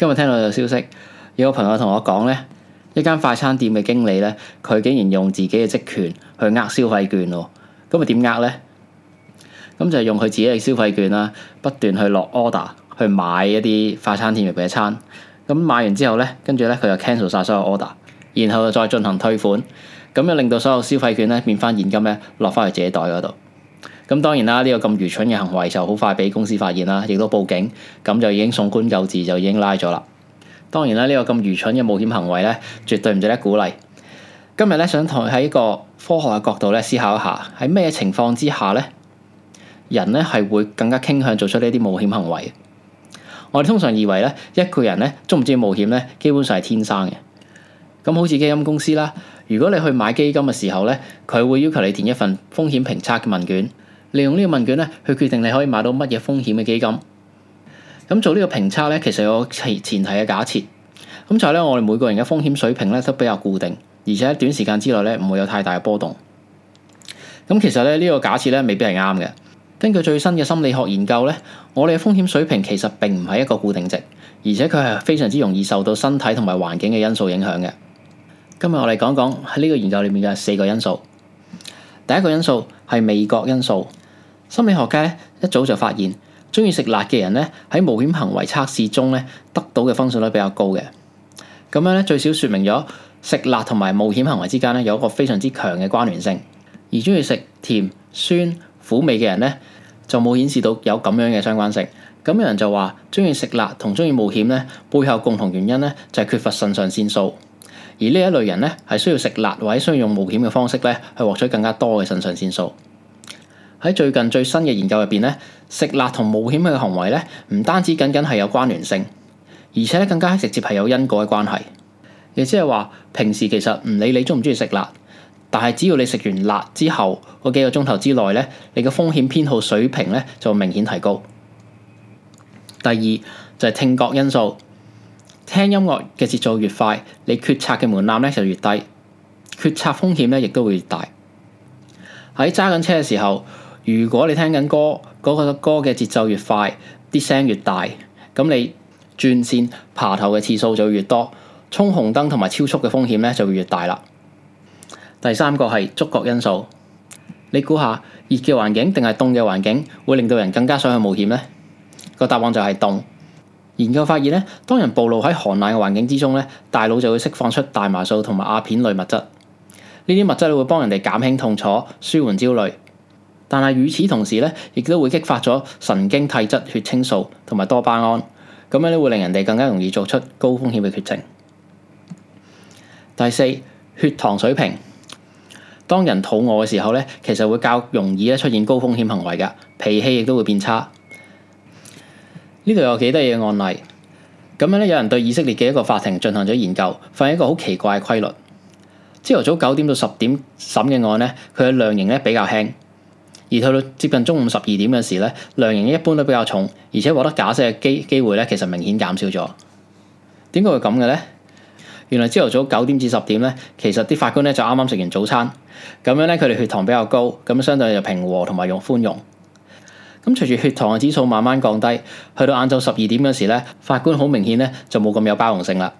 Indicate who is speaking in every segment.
Speaker 1: 今日聽到有消息，有個朋友同我講咧，一間快餐店嘅經理咧，佢竟然用自己嘅職權去呃消費券喎。咁咪點呃咧？咁就係用佢自己嘅消費券啦，不斷去落 order 去買一啲快餐店入邊嘅餐。咁買完之後咧，跟住咧佢就 cancel 晒所有 order，然後又再進行退款，咁又令到所有消費券咧變翻現金咧落翻去自己袋嗰度。咁當然啦，呢個咁愚蠢嘅行為就好快俾公司發現啦，亦都報警，咁就已經送官究治，就已經拉咗啦。當然啦，呢個咁愚蠢嘅冒險行為咧，絕對唔值得鼓勵。今日咧想同喺個科學嘅角度咧思考一下，喺咩情況之下咧，人咧係會更加傾向做出呢啲冒險行為？我哋通常以為咧，一個人咧中唔中意冒險咧，基本上係天生嘅。咁好似基金公司啦。如果你去買基金嘅時候咧，佢會要求你填一份風險評測嘅問卷，利用呢個問卷咧去決定你可以買到乜嘢風險嘅基金。咁做呢個評測咧，其實有個前提嘅假設，咁就係咧我哋每個人嘅風險水平咧都比較固定，而且喺短時間之內咧唔會有太大嘅波動。咁其實咧呢個假設咧未必係啱嘅。根據最新嘅心理學研究咧，我哋嘅風險水平其實並唔係一個固定值，而且佢係非常之容易受到身體同埋環境嘅因素影響嘅。今日我哋講講喺呢個研究裏面嘅四個因素。第一個因素係味覺因素。心理學家咧一早就發現，中意食辣嘅人咧喺冒險行為測試中咧得到嘅分數率比較高嘅。咁樣咧最少說明咗食辣同埋冒險行為之間咧有一個非常之強嘅關聯性。而中意食甜、酸、苦味嘅人咧就冇顯示到有咁樣嘅相關性。咁有人就話，中意食辣同中意冒險咧背後共同原因咧就係缺乏腎上腺素。而呢一類人咧，係需要食辣或者需要用冒險嘅方式咧，去獲取更加多嘅腎上腺素。喺最近最新嘅研究入邊咧，食辣同冒險嘅行為咧，唔單止僅僅係有關聯性，而且咧更加直接係有因果嘅關係。亦即係話，平時其實唔理你中唔中意食辣，但係只要你食完辣之後嗰幾個鐘頭之內咧，你嘅風險偏好水平咧就明顯提高。第二就係聽覺因素。聽音樂嘅節奏越快，你決策嘅門檻咧就越低，決策風險咧亦都會越大。喺揸緊車嘅時候，如果你聽緊歌，嗰、那個歌嘅節奏越快，啲聲越大，咁你轉綫爬頭嘅次數就會越多，衝紅燈同埋超速嘅風險咧就會越大啦。第三個係觸覺因素，你估下熱嘅環境定係凍嘅環境會令到人更加想去冒險呢？個答案就係凍。研究發現咧，當人暴露喺寒冷嘅環境之中咧，大腦就會釋放出大麻素同埋阿片類物質。呢啲物質咧會幫人哋減輕痛楚、舒緩焦慮。但係與此同時咧，亦都會激發咗神經遞質血清素同埋多巴胺。咁樣咧會令人哋更加容易做出高風險嘅決定。第四，血糖水平。當人肚餓嘅時候咧，其實會較容易咧出現高風險行為㗎，脾氣亦都會變差。呢度有幾多嘢嘅案例？咁樣咧，有人對以色列嘅一個法庭進行咗研究，發現一個好奇怪嘅規律。朝頭早九點到十點審嘅案咧，佢嘅量刑咧比較輕；而去到接近中午十二點嘅時咧，量刑一般都比較重，而且獲得假釋嘅機機會咧，其實明顯減少咗。點解會咁嘅咧？原來朝頭早九點至十點咧，其實啲法官咧就啱啱食完早餐，咁樣咧佢哋血糖比較高，咁相對就平和同埋用寬容。咁隨住血糖嘅指數慢慢降低，去到晏晝十二點嗰時咧，法官好明顯咧就冇咁有包容性啦。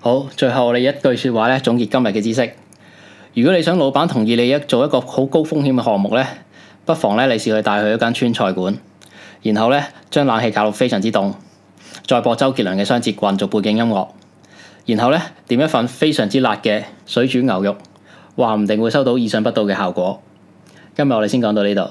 Speaker 1: 好，最後我哋一句說話咧總結今日嘅知識。如果你想老闆同意你一做一個好高風險嘅項目咧，不妨咧你試去帶去一間川菜館，然後咧將冷氣搞到非常之凍，再播周杰倫嘅雙節棍做背景音樂，然後咧點一份非常之辣嘅水煮牛肉，話唔定會收到意想不到嘅效果。今日我哋先講到呢度。